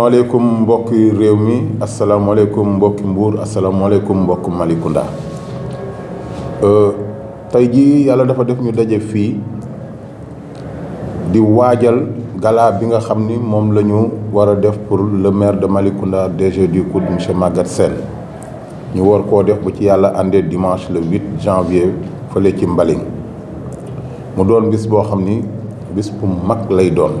maaleykum mbokki réew mi asalaamaaleykum mbokki mbuur asalaamaaleykum mbokki Malicounda euh, tey jii yàlla dafa def ñu daje fii di waajal gala bi nga xam ni moom la ñu war a def pour le maire de Malicounda DG du COUD monsieur Maguette Sène ñu war koo def bu ci yàlla àndee dimanche le 8 janvier fële ci Mbaling mu doon bis boo xam ni bis bu mag lay doon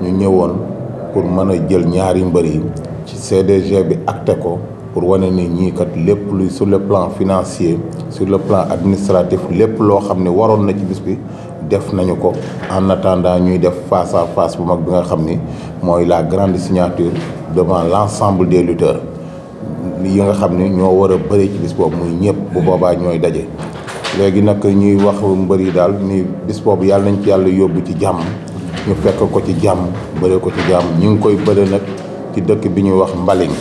ñu ñëwoon pour mën a jël ñaari mbër yi ci CDG bi acté ko pour wane ni ñii kat lépp luy sur le plan financier sur le plan administratif lépp loo xam ne waroon na ci bis bi def nañu ko en attendant ñuy def face à face bu mag bi nga xam ni mooy la grande signature devant l'ensemble des lutteurs yi nga xam ni ñoo war a bëri ci bis boobu muy ñëpp bu boobaa ñooy daje. léegi nag ñuy wax mbër yi daal ni bis boobu yàlla nañ ci yàlla yóbbu ci jàmm. ñu fekk ko ci jàmm bëre ko ci jàmm ñu ngi koy bëre nag ci dëkk bi ñuy wax Mbaling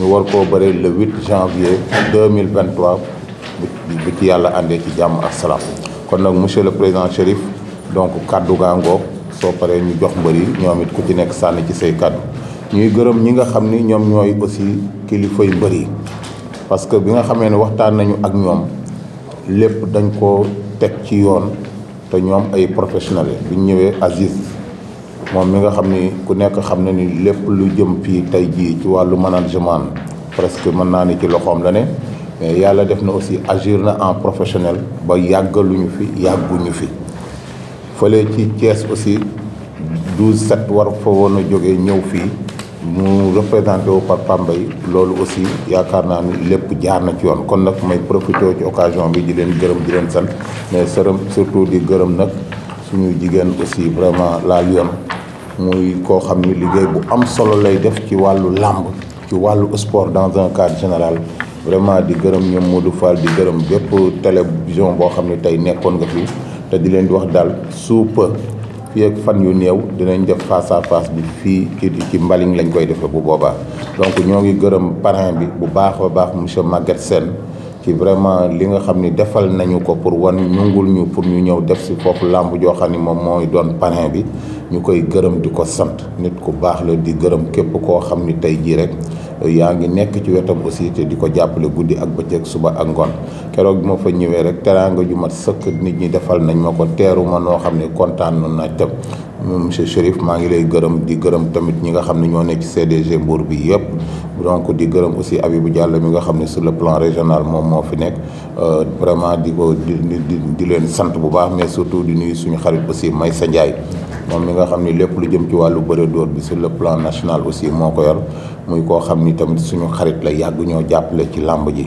ñu war koo bëre le 8 janvier 2023 bi ci yàlla àndee ci jàmm ak salaam kon nag monsieur le président Chérif donc kaddu gaangoo soo paree ñu jox mbër yi ñoom it ku ci nekk sànni ci say kaddu ñuy gërëm ñi nga xam ni ñoom ñooy aussi kilifay mbër yi parce que bi nga xamee ne waxtaan nañu ak ñoom lépp dañ ko teg ci yoon te ñoom ay professionnels bi ñu ñëwee Aziz moom mi nga xam ni ku nekk xam na ni lépp lu jëm fii tey jii ci wàllu management presque mën naa ni ci loxoom la ne mais yàlla def na aussi agir na en professionnel ba yàggaluñu fi yàgguñu fi fële ci Thiès aussi 12 7 war fa woon a jógee ñëw fii mu représenté wu par Pambay loolu aussi yaakaar naa ni lépp jaar na ci yoon kon nag may profité ci occasion bi di leen gërëm di leen sant mais sërëm surtout di gërëm nag suñu jigéen aussi vraiment la yoon muy koo xam ni liggéey bu am solo lay def ci wàllu làmb ci wàllu sport dans un cadre général vraiment di gërëm ñoom Modou Fall di gërëm bépp télévision boo xam ne tey nekkoon nga fi te di leen di wax daal suupa fii ak fan yu néew dinañ def face à face bi fii ci ci mbaling lañ koy defee bu boobaa donc ñoo ngi gërëm parrain bi bu baax a baax monsieur Maguette Sène ci vraiment li nga xam ni defal nañu ko pour wan ñungul ñu pour ñu ñëw def si foofu làmb joo xam ni moom mooy doon parrain bi ñu koy gërëm di ko sant nit ku baax la di gërëm képp koo xam ni tey jii rek euh, yaa ngi nekk ci wetam aussi te di ko jàppale guddi ak bëccëg suba ak ngoon keroog bi fa ñëwee rek teraanga ju mat sëkk nit ñi defal nañ ma ko teeru ma noo xam ne kontaan na tam monsieur Chérif maa ngi lay gërëm di gërëm tamit ñi nga xam ne ñoo nekk ci CDG Mbour bi yëpp donc di gërëm aussi bu jàll mi nga xam ne sur le plan régional moom moo fi nekk euh, vraiment di ko di di leen sant bu baax mais surtout di nuyu suñu xarit aussi Maysa Ndiaye moom mi nga xam ni lépp lu jëm ci wàllu bëre dóor bi sur le plan national aussi moo ko yor muy koo xam ni tamit suñu xarit la yàgg ñoo jàppale ci làmb ji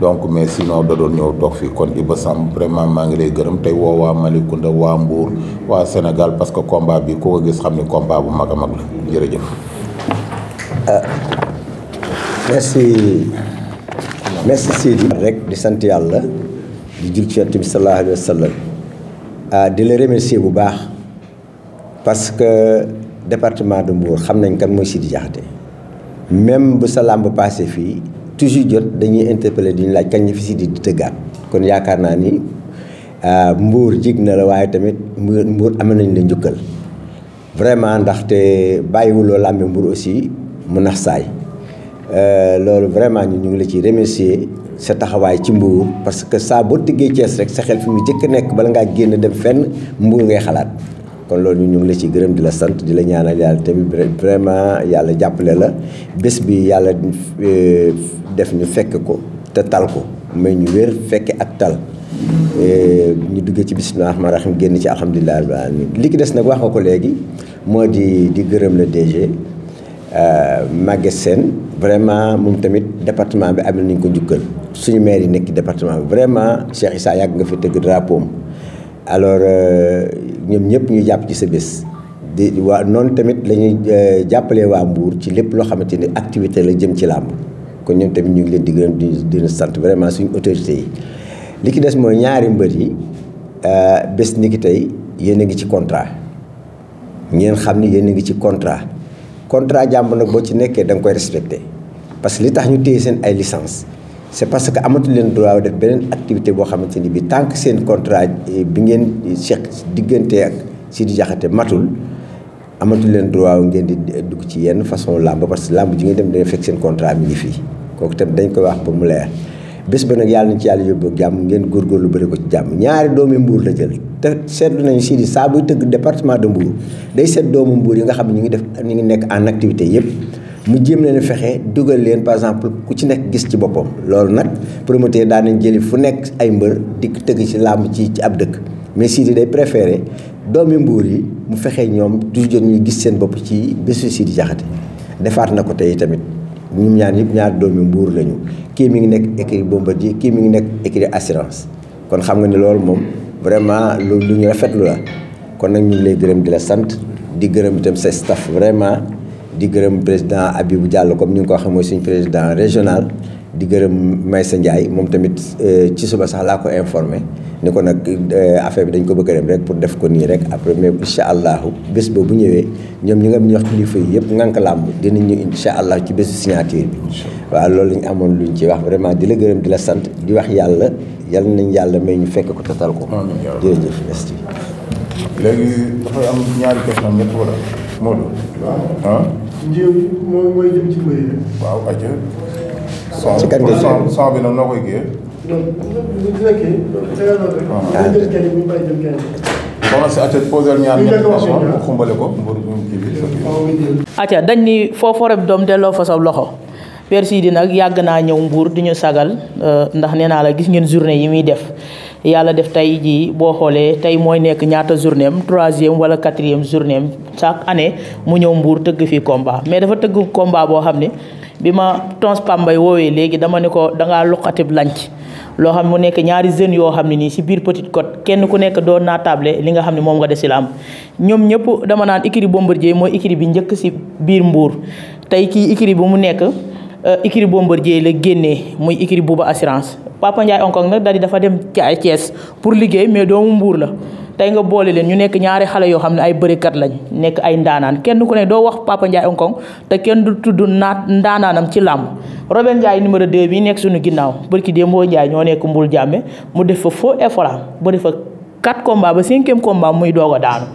donc mais sinon da doon ñëw toog fi kon Iba Samb vraiment maa ngi lay gërëm tey woo waa Malicounda waa Mbour wa Sénégal parce que combat bi ko gis xamni combat bu maga a mag la jërëjëf. Ah, merci merci Sidi. rek di sant yalla di jul ci Yonent bi sallallahu alayhi wa sallam ah di le remercier bu baax parce que département de Mbour xam nañ kan moy Sidi Diakhaté même bu sa làmb passé fii. toujours jot dañuy interpeller di ñu laaj kañ la fi si di tëggaat kon yaakaar naa ni euh, mbuur jig na la waaye tamit mbuur am nañ la njukkal vraiment ndaxte bàyyiwuloo làmbi mbuur aussi mu nax saay euh, loolu vraiment ñu ñu ngi la ciy remercier sa taxawaay ci mbuur parce que saa boo tëggee Cees rek sa xel fi mu jëkk nekk bala ngaa génn dem fenn mbuur ngay xalaat kon loolu ñu ngi la ci gërëm di la sant di la ñaanal yàlla tamit vraiment yàlla jàppale la bés def ñu fekk ko te tal ko may ñu wér fekke ak tal eh, ñu duggee ci bisimilah rahmaani rahiim génn ci alhamdulilah rabbil alamin li ki des nag wax nga ko léegi moo di di gërëm le DG euh, Maguette Sène vraiment moom tamit département bi am nañ ko njukkal suñu maire yi nekk département bi vraiment Cheikh Issa yàgg nga fi tëgg drapeau am alors euh, ñoom ñëpp ñu jàpp ci sa bés. di waa noonu tamit la ñuy euh, jàppale waa Mbour ci lépp loo xamante ni activité la jëm ci làmb kon ñoom tamit ñu ngi leen di di di sant vraiment suñu autorité yi li ki des mooy ñaari mbër yi euh, bés ni ki tey yéen a ngi ci contrat ngeen xam ni yéen ngi ci contrat contrat jàmbur nag boo ci nekkee da nga koy respecté parce que li tax ñu téye seen ay licence c'est parce que amatu leen droit def beneen activité boo xamante ni bi tant que seen contrat euh, bi ngeen seq diggante ak di jaxate matul amatu leen droit ngeen di dugg ci yenn façon làmb parce que làmb ji dem dana fekk seen contrat mi ngi fii kooku tam dañ koy wax pour mu leer bés ba nag yàlla na ci yàlla yóbbu jàmm ngeen góorgóorlu bëri ko ci jàmm ñaari doomi mbuur la jël te seetlu nañu si di saa buy tëgg département de Mbour day seet doomu mbuur yi nga xam ne ñu ngi def ñu ngi nekk en activité yëpp mu jéem leen fexe dugal leen par exemple ku ci nekk gis ci boppam loolu nag promoteur daan nañ jëli fu nekk ay mbër dikk tëgg ci làmb ci ci ab dëkk mais Sidi day préféré doomi mbuur yi mu fexe ñoom toujours ñu gis seen bopp ci bésu Sidi Jaxate defaat na ko tey tamit ñoom ñaar yëpp ñaar doomi mbuur lañu kii mi ngi nekk écurie Bombardier kii mi ngi nekk écurie assurance kon xam nga ni loolu moom vraiment lu lu ñu rafetlu la kon nag ñu ngi lay gërëm di la sant di gërëm itam sa staff vraiment di gërëm président Abibou Diallo comme ni nga ko waxee mooy suñu président régional. di gërëm Maysa Ndiaye moom tamit euh, ci suba sax laa ko informé ni ko nag euh, affaire bi dañ ko bëgg a rek pour def ko nii rek après mais incha allahu bés bu ñëwee ñoom ñi nga ñu wax kilifa yi yëpp ngànk làmb dinañu incha allah ci bésu signature bi waaw loolu lañ luñ ci wax vraiment di la gërëm di la sant di wax yàlla yàlla nañ yàlla may ñu fekk ko tatal ko jërëjëf merci léegi dafay am ñaari question wala Modou ah njëw moom mooy jëm ci mbëri waaw aja ci kan ah. nga son acca dañ ni foofu rek doom delloo fa sa loxo. Père Sidi nag yàgg naa ñëw Mbour di ñu sagal euh, ndax nee naa la gis ngeen journée yi muy def yàlla def tey jii boo xoolee tey mooy nekk ñaata journée am troisième wala quatrième journée am chaque année mu ñëw mbuur tëgg fii combat mais dafa tëgg komba boo xam ne. bi ma tons pambay woowee léegi dama ne ko dangaa luqatib lanc loo xam ne mu nekk ñaari jeunes yoo xam ne nii si biir Petite Côte kenn ku nekk doon naa table li nga xam ne moom nga des si la am ñoom ñëpp dama naan ikiri Bombardier mooy ikiri bi njëkk si biir mbuur tey kii ikiri bi mu nekk ikiri euh, Bombardier la génnee muy ikiri Bouba assurance Papa Ndiaye onkong nag daal di dafa dem Thiès pour liggéey mais doomu mbuur la tey nga boole leen ñu nekk ñaari xale yoo xam ne ay bërikat lañ nekk ay ndaanaan kenn ku ne doo wax Papa Ndiaye Ong Kong te kenn du tudd naat ndaanaanam ci làmb Robert Ndiaye numéro 2 bi nekk suñu ginnaaw barki Dembo Ndiaye ñoo nekk Mbul Jàmme mu def fa faux effort bëri fa 4 combat ba cinquième combat muy doog a daanu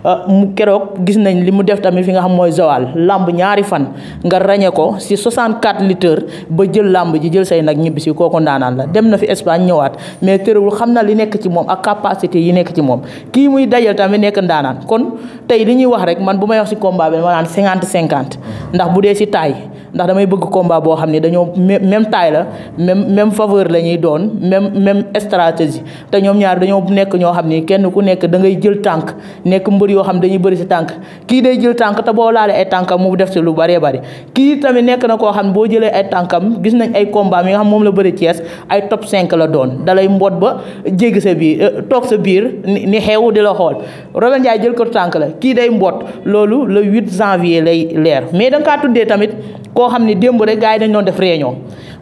Euh, mu keroog gis nañ li mu def tamit fi nga xam mooy Joal làmb ñaari fan nga ràññee ko si 64 litres ba jël làmb ji jël say nag ñibbi si kooku ndaanaan la dem na fi Espagne ñëwaat mais terewul xam na li nekk ci moom ak capacité yi nekk ci moom kii muy dajal tamit nekk ndaanaan kon tey li wax rek man bu may wax si combat ma naan 50 50 ndax bu dee si taay ndax damay bëgg combat boo xam ne dañoo même taille la même même faveur lañuy doon même même stratégie te ñoom ñaar dañoo bu nekk ñoo xam ne kenn ku nekk da ngay jël tànk nekk yoo xam dañuy bëri si tànk kii day jël tànk te boo laalee ay tànkam mu def si lu bëree bëri kii tamit nekk na koo xam ne boo jëlee ay tànkam gis nañ ay combat yi nga xam moom la bëri Thiès ay top 5 la doon dalay mboot ba jéggi sa biir euh, toog sa biir ni xew di la xool Robert Ndiaye jël ko tànk la kii day mboot loolu le 8 janvier lay leer mais da nga tuddee tamit koo xam ne démb rek gars yi dañ doon def réunion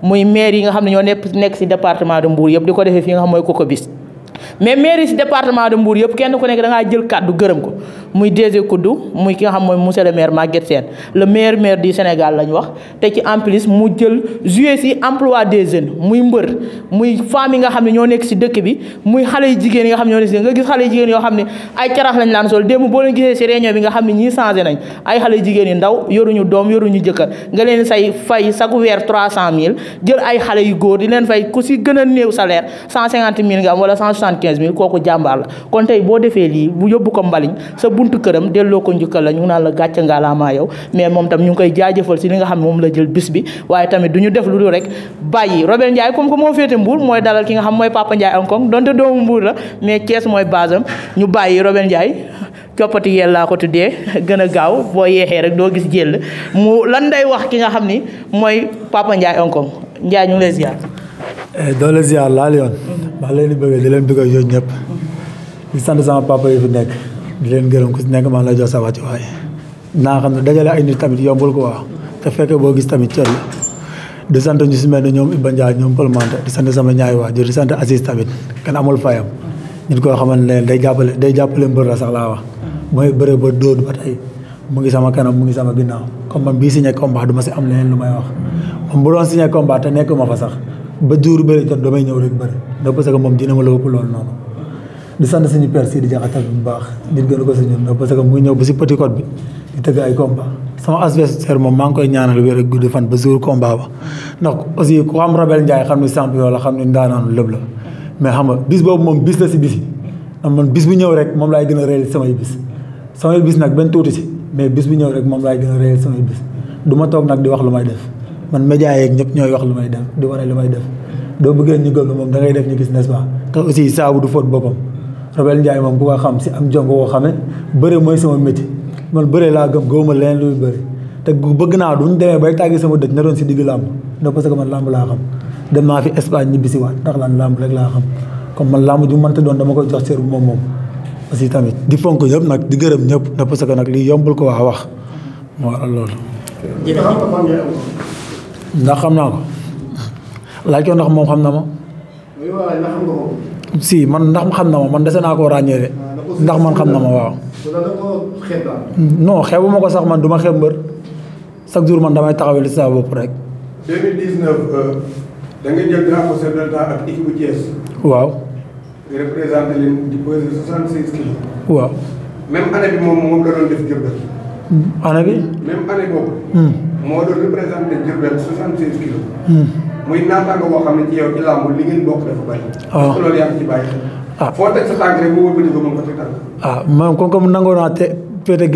muy maire yi nga xam ne ñoo nekk nekk si département de Mbour di ko defee fii nga xam mooy Kokobis mais mairie si département de Mbour yëpp kenn ku nekk da ngaa jël kàddu gërëm ko muy DG Koudou muy ki nga xam mooy monsieur le maire Maguette Sène le meilleur maire du Sénégal lañ wax te ci en des jeunes muy mbër muy femmes yi nga xam ne ñoo nekk si dëkk bi muy xale yu jigéen yi nga xam ne ñoo nekk si nga gis xale yu jigéen yoo xam ne ay carax lañ laan sol démb boo leen gisee si réunion bi nga xam ne ñii changé nañ ay xale yu jigéen yu ndaw yoruñu doom yoruñu jëkkër nga leen say fay chaque weer trois cent mille jël ay xale yu góor di leen fay ku si gën a néew salaire cent soixante-quinze mille kooku jàmbaar la kon tey boo defee lii bu yóbbu ko mbaliñ sa buntu këram delloo ko njukkal la ñu naan la gàcce ngaalaamaa yow mais moom tam ñu ngi koy jaajëfal si li nga xam ne moom la jël bis bi waaye tamit du ñu def lu dul rek bàyyi Robert Ndiaye comme que moo féete mooy dalal ki nga xam mooy Papa Ndiaye Ankong donte la mais Thiès mooy a gaaw boo yeexee rek doo gis jël mu lan day wax ki nga xam ni mooy Papa Ndiaye Ankong Ndiaye ñu ngi lay ziar. Eh, doo la ziar ndax leen di bëggee di leen di sant sama papa yi fi nekk di leen gërëm ku si nekk maa ngi lay jox sa wàcc waay naa xam ne dajale ay nit tamit yombul ko waaw te fekkee boo gis tamit cër di sant ñu si mel ne ñoom Iba Ndiaye ñoom Palmante di sant sama ñaay waajur di sant Aziz tamit kenn amul fayam nit koo xamante ne day jàppale day jàppale mbër la sax laa wax mooy bëre ba dóor ba tey mu ngi sama kanam mu ngi sama ginnaaw comme man bii signé combat du ma si am leneen lu may wax moom bu doon signé combat te nekkuma fa sax ba jur bëri jot damay ñëw rek bëri da parce que moom dina ma la ëpp loolu noonu di sant suñu père Sidi Diakhatal bu baax nit gën ko si ñun da parce que mu ñëw ba si petit côte bi di tëgg ay combat sama adversaire moom maa ngi koy ñaanal wér ak guddi fan ba jour combat ba ndax aussi ku xam Rabel Ndiaye xam ni champion la xam ni ndaanaanu lépp la mais xam nga bis boobu moom bis la si bis yi man bis bu ñëw rek moom laay gën a réel samay bis samay bis nag benn tuuti si mais bis ñëw rek moom laay gën a réel samay bis ma toog nag di wax lu may def man média yeeg ñëpp ñooy wax lu may def di wane lu may def doo bëggee ñu gëm moom da ngay def ñu gis n'est-ce pas te aussi saabu du fóot boppam Robert Ndiaye moom ku ko xam si am jom woo xamee bari mooy sama métier man bari laa gëm gëwuma leen luy bëri bëgg naa duñ demee bay tàggi sama dëj na si digg làmb ndax parce que man làmb laa xam dem naa fi Espagne ñibbi lan làmb rek laa xam comme man làmb ju mënta doon dama koy jox cër bu moom moom aussi tamit di fonk ñëpp nag di gërëm ñëpp ndax parce que nag lii yombul ko waa wax moo waral loolu ndax xam naa ko laaj ko ndax moom xam si man ndax xam na ma man dese naa koo de ndax man xam na ma waaw. non xeebu ma ko sax man du ma xeeb mbër chaque jour man damay taxawal sa bopp rek. 2019 euh, da nga jël drapeau chef ak équipe waaw. représenté di peser 66 kilos. waaw. même année bi moom moom la doon def année bi. même année moo doon représenté Diourbel 76 kilos. Hmm. muy naataango boo xam ne ci yow ci làmb li ngeen bokk dafa bari. waaw ah. loolu yaa ngi ci bàyyi xel. ah foo teg ko ko teg tànk. ah man comme naa te féete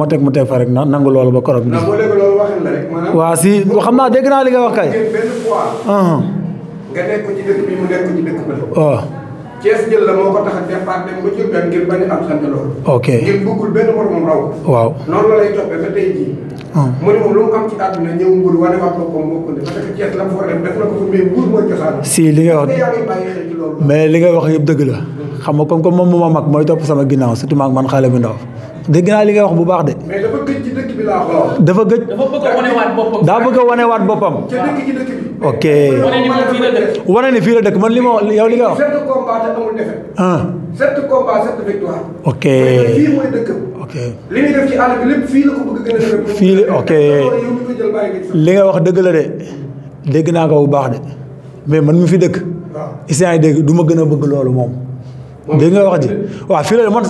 ma teg mu teg fa rek na nangu loolu ba korog. ndax boo si xam naa dégg naa li nga wax kay. benn mu ne si li nga wax mais li nga wax yëpp dëgg la. xam nga comme comme moom mooma mag mooy topp sama ginnaaw surtout maag man xaale bu ndaw. dégg naa li nga wax bu baax de. dafa gëj ci dafa gëj. dafa bëgg a wanewaat boppam. boppam. ok wane ni fii la dëkk man li ma yow li nga wax. sept ah. ok ok li nga wax dëgg la de dégg naa ko bu baax de mais man mi fi dëkk. waaw isaan yi dégg du ma gën a bëgg loolu moom. dégg nga wax ji waaw fii la man.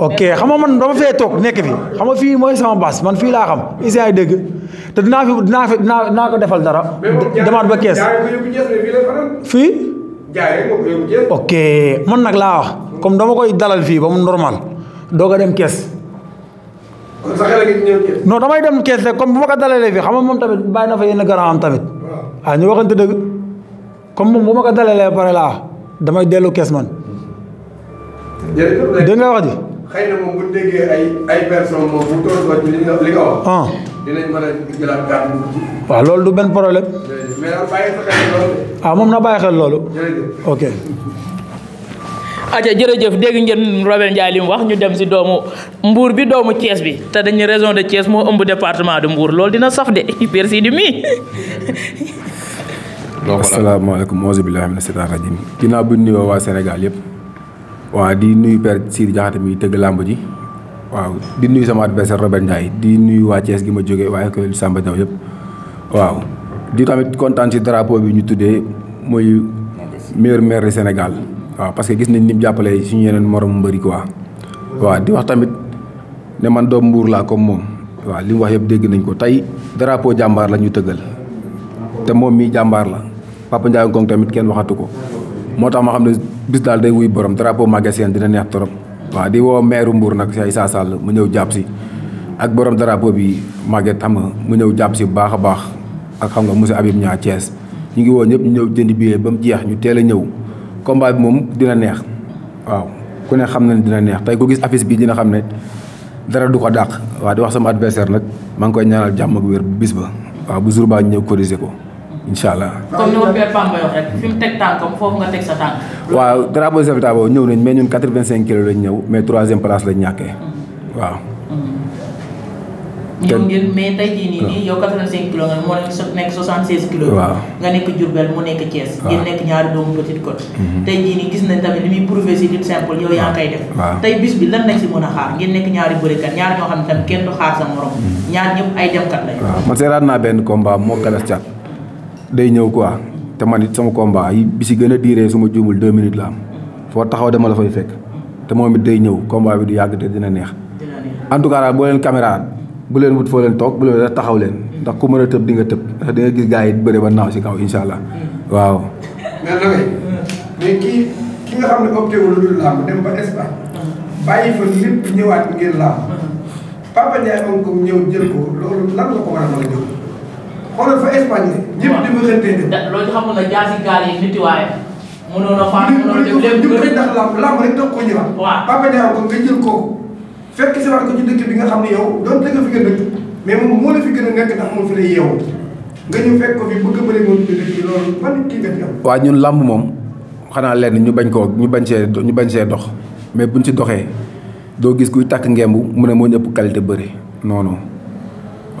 ok xam nga man dama fee toog nekk fi xam nga fii mooy sama base man fii laa xam isaan yi dégg. te dinaa fi dinaa fi dinaa dinaa ko defal dara. demaat ba kees fii. ok man nag laa wax. comme dama koy dalal fii ba mu normal doog a dem kees. kon damay dem kees rek comme bu ma ko dalalee fii xam nga moom tamit bàyyi na fa yenn grand am tamit. waaw ah, ñu waxante dëgg comme moom bu ma ko dalalee ba pare laa wax damay dellu kees man. dégg nga wax ji. xëy na ah. loolu du benn problème. mais ah, moom na bàyyi xel loolu. jërëjëf ok. aca jërëjëf dégg ngeen Robert Ndiaye mu wax ñu dem si doomu Mbour bi doomu Thiès bi te dañu région de Thiès moo ëmb département de mbuur loolu dina saf de Père Sidi mi. asalaamaaleykum wa rahmatulahim ginnaaw bi nuyoo waa Sénégal yëpp. waaw di nuyu Père Sidi Diakhaté mi tëgg làmb ji waaw di nuyu sama adversaire Robert Ndiaye di nuyu waa Thiès gi ma jógee waaye ko Samba Diaw yëpp waaw di tamit kontaan si drapeau bi ñu tuddee mooy meilleur maire du Sénégal waaw parce que gis nañ ni mu jàppale suñu yeneen moroom mbëri quoi waaw di wax tamit ne man doom mbuur laa comme moom waaw li mu wax yëpp dégg nañ ko tey drapeau jàmbaar la ñu tëggal te moom mii jàmbaar la Papa Ndiaye tamit kenn waxatu ko moo tax ma xam ne bis daal day wuy borom drapeau magasin dina neex trop waaw di woo maire Mbour nag si Issa Sall mu ak borom drapeau bi Maguette xam mu ñëw jàpp si bu baax a baax ak xam nga monsieur Habib Niang Thiès ñu ngi woo ñëpp ñu ñëw jënd billet ba jeex ñu combat bi moom dina neex waaw ku ne xam na dina neex tey ku gis affiche bi dina xam dara du ko dàq waaw di wax sama adversaire nag maa ngi koy ñaanal jàmm ak wér bis ba waaw bu jour corriger ko incha allah. comme ni ma Père Pamba wax rek fi mu teg tànkam foofu nga teg sa tànk. waaw drapeau nañ mais ñun quatre lañ ñëw mais troisième place lañ ñàkkee. Mm-hmm. waaw. Mm-hmm. ñëw ngeen mais tey jii nii nii yow 85 nga nekk 76 mu nekk Thiès. waaw nekk ñaari doomu Petite Côte. Mm-hmm. tey jii nii gis nañ tamit li muy prouvé si simple yow yaa ngi def. tey bis bi lan lañ si mën a xaar ngeen nekk ñaari bërikat ñaar ñoo xam ne kenn du xaar sa morom. ñaar ñëpp ay demkat lañ. waaw man seeraat naa benn combat moo galas cat. day ñëw quoi te man it sama combat bi si gën a diiree su ma juumul deux minutes la am foo taxaw dama la fay fekk te moom it day ñëw combat bi du yàgg te dina neex. en tout cas daal boo leen caméra bu leen wut foo leen toog bu leen taxaw leen ndax ku mën a tëb di nga tëb ndax di gis gars yi bëre ba naaw si kaw incha allah waaw. mais kii ki nga xam ne opté wu lu dul làmb dem ba Espagne bàyyi fa lépp ñëwaat ngir làmb mm-hmm. Papa Ndiaye am ko ñëw jël ko loolu xoolal fa Espagne bi. waaw ñëpp di xëntee dem. gaal yi nit waaye. mënoon làmb moom moo la fi gën a nekk ndax moom fi lay yeewu nga ñu fekk ko fi bëgg a bëri moom ci dëkk bi loolu ban kii nga fi am. ñun làmb moom xanaa lenn ñu bañ koo ñu bañ see ñu bañ see dox mais buñ ci doxee doo gis kuy takk ngemb mu ne moo ñëpp qualité bëri non non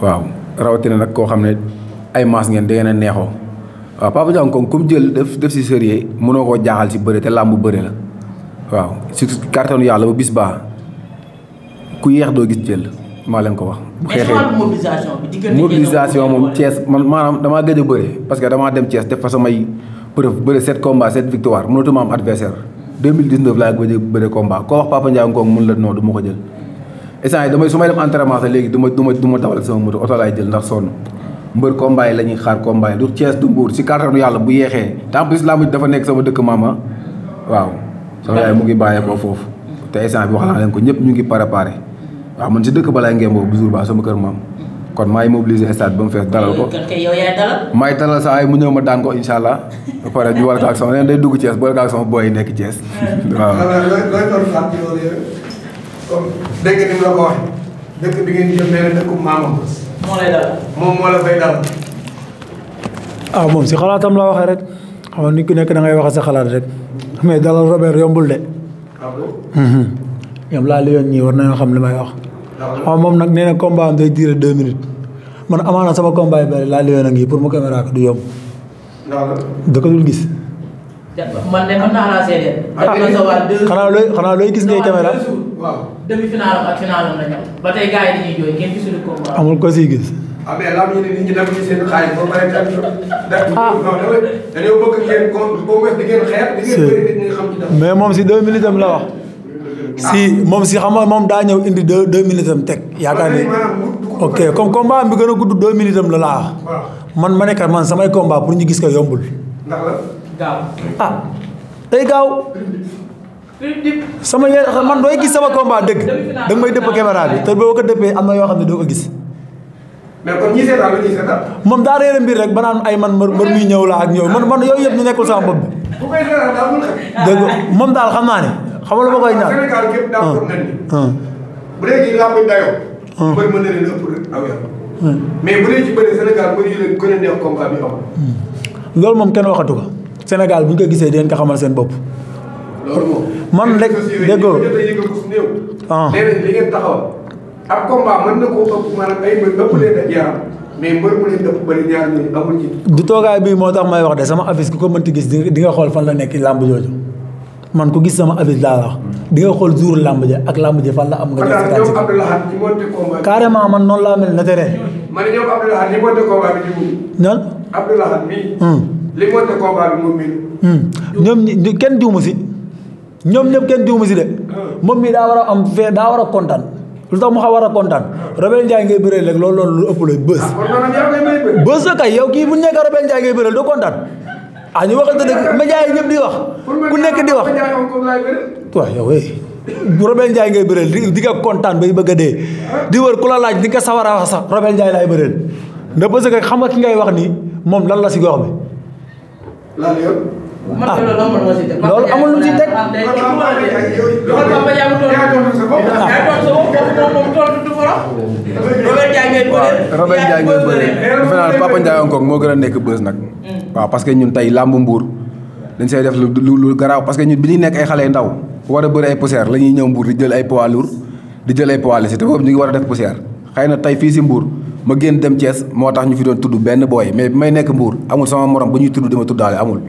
waaw rawatina nag koo xam ne ay maas ngeen da a neexoo waaw Papa Diaw jël def def si sérieux si bëre te làmb bëre la waaw surtout kàttanu yàlla ba bis baa ku yeex doo gis jël maa leen ko wax. bu xeexee mobilisation moom Thiès man maanaam damaa a bëre parce que damaa dem Thiès def fa samay preuve bëre sept combats sept victoire mënatuma am mun la non du ma ko jël. instant yi damay su may dem entraînement sax léegi du ma du ma du ma dawal sama moto oto laay jël ndax sonn. mbër combat yi la ñuy xaar combat yi du Thiès du Mbour si kàttanu yàlla bu yeexee te en dafa nekk sama dëkk maama waaw sama yaay mu ngi bàyyeekoo foofu te instant bi wax na leen ko ñëpp ñu ngi préparé waaw man si dëkk balaay ngeen boobu bu jour ba sama kër maam kon maay mobiliser stade ba mu fees ko maay dalal saa yi mu ñëw ma daan ko insha allah ba pare ñu war ak sama neen day dugg Thiès boole nekk Thiès waaw dëkk maamam moo lay moom moo la fay dal. ah moom si xalaatam la waxee rek xam nga nit ku nekk da ngay wax sa xalaat rek mais dalal Robert yombul de. Ah mhm. ñoom laa liyoon ñi war na xam li may wax. waaw ah ah, moom nag nee na combat am day durer deux minutes man amaana sama combat yi laa liyoon a ngi pour mu caméra ko du yomb. da gis. man ah, xanaa looy gis ngay caméra. ko. amul ko siy gis. Ah, ah. mais moom si deux minutes am la wax. si moom si xam nga moom daa ñëw indi deux deux minutes am teg yaakaar ne. ok comme combat bi gën a gudd deux minutes am la laa man ma ne kat man samay combat pour ñu gis ko yombul. gaaw ah day gaaw sama yenn man dooy gis sama combat dëgg danga may dëpp caméra bi te boo ko dëppee am na yoo xam ne doo ko gis mais kon ñi seetaan moom daa réer mbir rek ba naan ay man mbër mbër muy ñëw la ak ñëw man man yooyu yëpp ñu nekkul sama bopp bi dëgg daal xam naa ne xamal ma koy ñaan Sénégal ah. Ah. Ah. a neex combat bi hmm. loolu moom kenn waxatu ko Sénégal bu ñu ko gisee di ngeen ko xamal seen bopp. man rek déggoo. ah du toogaay bii moo tax may wax de sama affiche ku ko mënti gis di nga xool fan la nekk làmb jooju man ku gis sama affiche laa wax di xool jour làmb ja ak làmb ja fan la am. nga ñëw si carrément man noonu laa mel na tere. man li mode de combat hmm. ñoom ñi kenn diwuma si ñoom ñëpp kenn diwuma si de. Ah. moom mii daa war a am fee daa war a kontaan lu tax mu xaw war a kontaan. Robert Ndiaye ngay bëreel rek loolu loolu lu ëpp lay bës. Ah, bës la yow kii bu nekk Robert Ndiaye ngay bëreel doo kontaan. ah ñu waxal dëgg média yi ñëpp di wax. ku nekk di wax. waaw yow eh. Robert Ndiaye ngay bëreel di di nga kontaan bay bëgg dee. di wër ku la laaj di nga sawar a wax sax Robert Ndiaye laay bëreel. ndax parce que xam nga ki ngay wax nii moom lan la si gox bi. Lalu Robert Ndiaye Papa Ndiaye Onkong moo gën a nekk bës nag waaw parce que ñun tey làmb mbuur dañ say def lu lu garaaw parce que ñun bi ñuy nekk ay di jël ay poids di jël ay poids lissé te foofu ñu ngi ma génn dem Thiès moo tax ñu fi doon tudd benn booy mais bi may nekk Mbour amul sama morom ba ñuy tudd ma tuddaale amul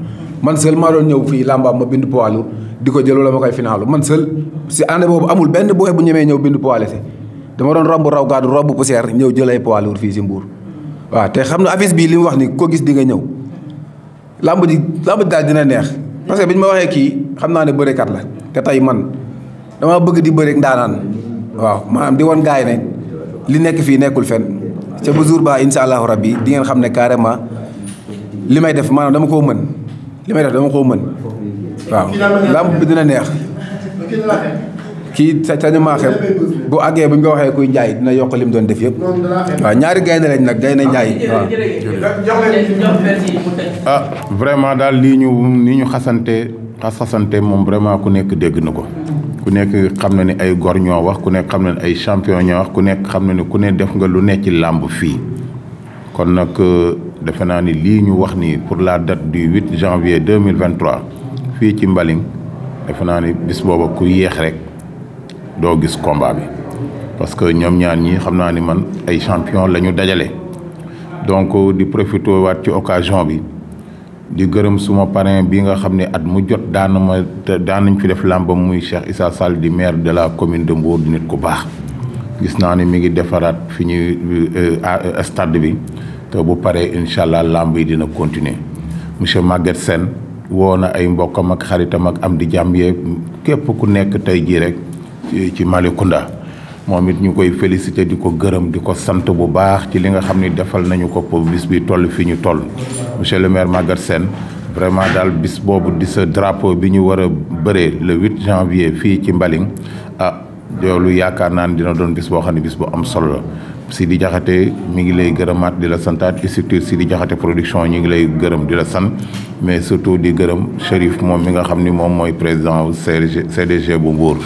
man seul maa doon ñëw fii làmbaam ma bind poids lourd di ko jël wala ma koy finaalu man seul si année boobu amul benn booy bu ñemee ñëw bind poids léger dama doon romb raw gaadu romb poussière ñëw jëlay poids lourd fii si Mbour waaw te xam na affiche bii li mu wax ni ko gis dinga nga ñëw làmb ji làmb ji daal dina neex parce que bi ñu ma waxee kii xam naa ne bërekat la te tey man dama bëgg di bëre ndaanaan waaw maanaam di wan gaay ne li nekk fii nekkul fenn ca bu jour ba insha allahu rabbi di ngeen xam ne carrément li may def maanaam dama koo mën li may def dama koo mën waaw làmb bi dina neex kii sañu maaxe bu àggee bu ñu ko waxee kuy njaay dina yokk lim doon def yëpp waa ñaari gaynde lañ nag gaynde njaay waaw ah vraiment daal lii ñu ni ñu xasante tasasante moom vraiment ku nekk dégg na ko ku nekk xam na ne ay gor ñoo wax ku nekk xam na ay champion ñoo wax ku nekk xam na ne ku ne def nga lu nekk ci làmb fii kon nag euh, defe naa ni ñu wax nii pour la date du 8 janvier 2023 fii ci Mbaling defe naa ni bis booba ku yéex rek doo gis combat bi parce que ñoom ñaar ñi xam ni man ay champion la ñu donc di profité waat ci occasion bi di gërëm suma parrain bi nga xam ne at mu jot daana ma daanañ fi def làmbam muy Cheikh Issa Sall di maire de la commune de Mbour di nit ku baax gis naa ne mi ngi defaraat fi ñuy euh, euh, stade bi te bu pare incha allah làmb yi dina continuer monsieur Maguette Sène woo na ay mbokkam ak xaritam ak am di jàmm yee képp ku nekk tey jii rek ci Malicounda moom it ñu koy félicité di ko gërëm di ko sant bu baax ci li nga xam ni defal nañu ko pour bis bi toll fi ñu toll monsieur le maire Maguette Sène vraiment daal bis boobu di sa drapeau bi ñu war a bëree le 8 janvier fii ci Mbaling ah loolu yaakaar naa ne dina doon bis boo xam ne bis bu am solo la di Diakhaté mi ngi lay gërëmaat di la santaat si di jaxate production ñi ngi lay gërëm di la sant mais surtout di gërëm Chérif moom mi nga xam ni moom mooy président CDG bu Mbour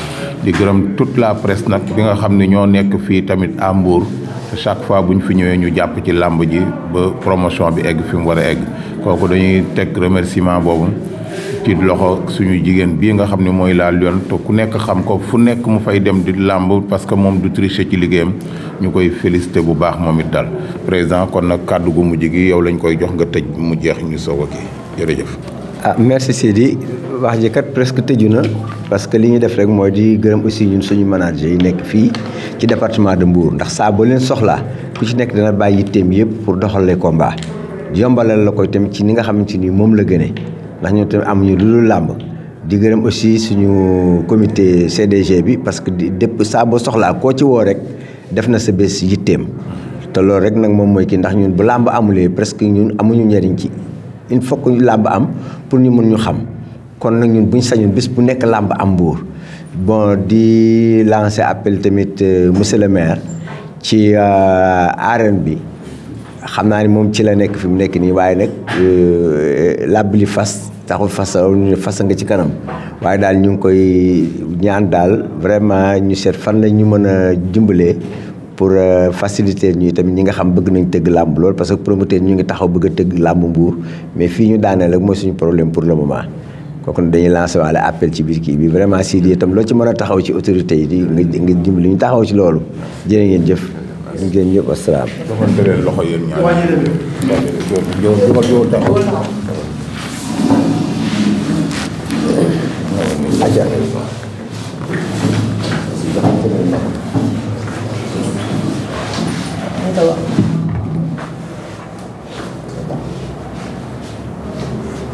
di gërëm tout la presse nag bi nga xam ni ñoo nekk fii tamit à Mbour chaque fois bu ñu fi ñëwee ñu jàpp ci làmb ji ba promotion bi egg fi mu war a egg kooku dañuy teg remerciement boobu ci loxo suñu jigéen bii nga xam ne mooy la Lionne te ku nekk xam ko fu nekk mu fay dem di làmb parce que moom du tricher ci liggéeyam ñu koy félicité bu baax moom it daal président kon nag kàddu gu mujj gi yow lañ koy jox nga tëj mu jeex ñu soog a kii ah merci Sidi wax ji kat presque tëju na parce que li ñu def rek mooy di gërëm aussi ñun suñu manager yi nekk fii ci département de Mbour ndax saa boo leen soxlaa ku ci nekk dana bàyyi yitteem yëpp pour doxal les combats yombalal la koy tamit ci ni nga xamante ni moom la gënee. ndax ñun tamit amuñu lu dul làmb di gërëm aussi suñu comité CDG bi parce que dépp saa soxlaa koo ci woo rek def na sa bés yitteem te loolu rek nag moom mooy kii ndax ñun bu làmb amulee presque ñun amuñu njëriñ ci il faut que ñu làmb am pour ñu mun ñu xam kon nag ñun buñ sañoon bés bu nekk làmb am mbuur bon di lancer appel tamit euh, monsieur le maire ci euh, arène bi xam naa ni moom ci la nekk fi mu nekk nii waaye nag euh, làbbali fas taxul fas fas nga ci kanam waaye daal ñu ngi koy ñaan daal vraiment ñu seet fan la ñu mën a dimbalee pour euh, faciliter ñuy tamit ñi nga xam bëgg nañ tëgg làmb lool parce que promoteur ñu ngi taxaw bëgg a tëgg làmb mbuur mais fii ñu daaneel rek mooy suñu problème pour le moment kooku ne dañu lancé waale appel ci biir kii bi vraiment si di itam loo ci mën a taxaw ci autorité yi di nga dimbali ñu taxaw ci loolu jërë ngeen jëf ngeen ñëpp asalaam.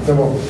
C'est bon.